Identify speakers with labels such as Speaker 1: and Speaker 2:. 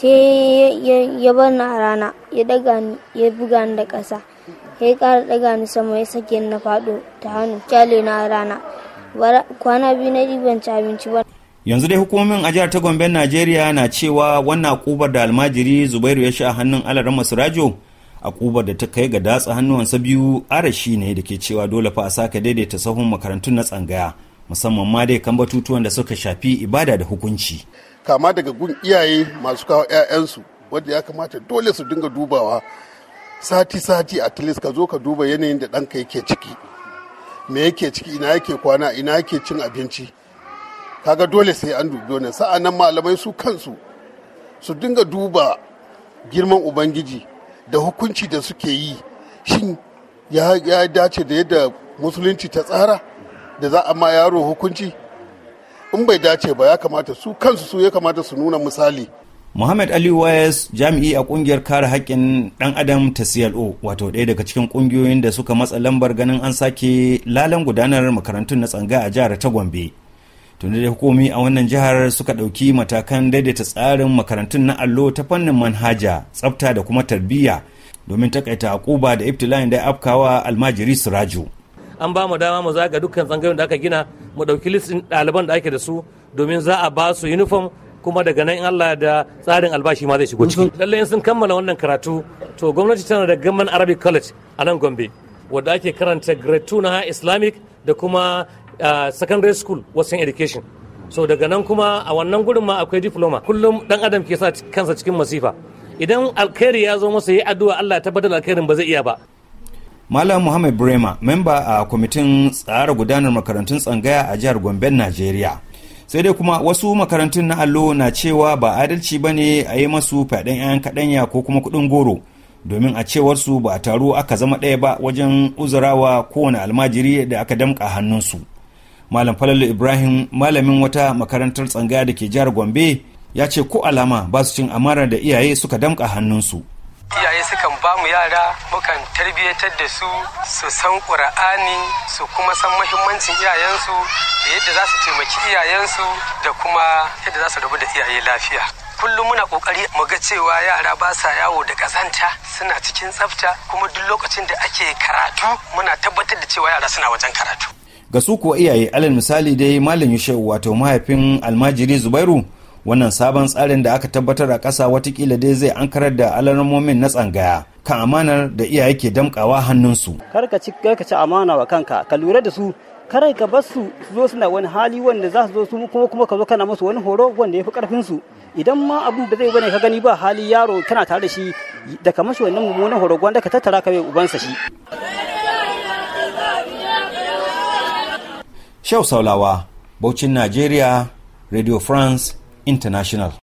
Speaker 1: sai ya bani a rana ya daga ni ya buga ni da ƙasa ya ƙara daga ni sama ya sake na faɗo ta hannu kyale na a rana kwana biyu na riban abinci ba
Speaker 2: yanzu dai hukumomin a jihar ta gombe najeriya na cewa wannan akubar da almajiri zubairu ya sha hannun masu rajo akubar da ta kai ga datsa hannuwansa biyu arashi ne da ke cewa dole fa a sake daidaita sahun makarantun na tsangaya musamman ma dai kan batutuwan da suka shafi ibada da hukunci
Speaker 1: kama daga gun iyaye masu kawo 'ya'yansu wanda ya kamata dole su dinga dubawa sati-sati a tilis ka zo ka duba yanayin da ɗanka yake ciki me yake ciki ina yake kwana ina yake cin abinci kaga dole sai an dubi wannan nan malamai su kansu su dinga duba girman ubangiji da hukunci da suke yi shin ya dace da yadda musulunci ta tsara da za a ma yaro hukunci in bai dace ba ya kamata su kansu su ya kamata su nuna misali
Speaker 2: Muhammad Ali Wayes jami'i a kungiyar kare haƙƙin ɗan adam ta CLO wato ɗaya daga cikin ƙungiyoyin da suka matsa lambar ganin an sake lalan gudanar makarantun na tsanga a jihar ta Gombe. Tunda da hukumi a wannan jihar suka ɗauki matakan daidaita tsarin makarantun na allo ta fannin manhaja, tsafta da kuma tarbiyya domin takaita akuba da iftila'in da afkawa almajiri raju.
Speaker 3: an ba mu dama mu zaga dukkan tsangayoyin da aka gina mu ɗauki listin ɗaliban da ake da su domin za a ba su uniform kuma daga nan in Allah da tsarin albashi ma zai shigo ciki lallai sun kammala wannan karatu to gwamnati tana da gaman Arabic College a nan Gombe wadda ake karanta grade 2 na Islamic da kuma uh, secondary school wasan education so daga nan kuma a wannan gurin ma akwai diploma kullum dan adam ke sa kansa cikin masifa idan alkhairi ya zo masa yi addu'a Allah ya tabbatar alkhairin ba zai iya ba
Speaker 2: Malam Muhammad Brema, memba a kwamitin tsara gudanar makarantun tsangaya a jihar Gombe, Najeriya. Sai dai kuma wasu makarantun na allo na cewa ba adalci ba ne a yi masu fyaɗen 'yan kaɗanya ko kuma kuɗin goro. Domin a cewarsu ba a taru aka zama ɗaya ba wajen uzurawa kowane almajiri da aka damƙa hannunsu. Malam Falalu Ibrahim, malamin wata makarantar tsangaya da ke jihar Gombe, ya ce ko alama ba su cin amara da iyaye suka damƙa hannunsu.
Speaker 3: ba mu yara mukan tarbiyyatar da su su san ƙura'ani su kuma san mahimmancin iyayensu da yadda za su taimaki iyayensu da kuma yadda za su rabu da iyaye lafiya kullum muna kokari mu ga cewa yara ba sa yawo da kazanta suna cikin tsafta kuma duk lokacin da ake karatu muna tabbatar da
Speaker 2: cewa yara suna wajen karatu ga su kuwa iyaye alal misali dai malam yushe wato mahaifin almajiri zubairu wannan sabon tsarin da aka tabbatar a ƙasa watakila dai zai ankarar da alamomin na tsangaya kan amanar da iyaye ke damƙawa hannunsu karka ci ci amana wa kanka ka lura da su kar ka bar su su zo suna wani hali wanda za su zo su kuma kuma ka zo kana musu wani horo wanda ya fi karfin su idan ma abin da zai bane ka gani ba hali yaro kana tare da shi da ka mashi wannan mummunan horo wanda ka tattara ka bai ubansa shi Shau Saulawa, Bauchin Najeriya, Radio France international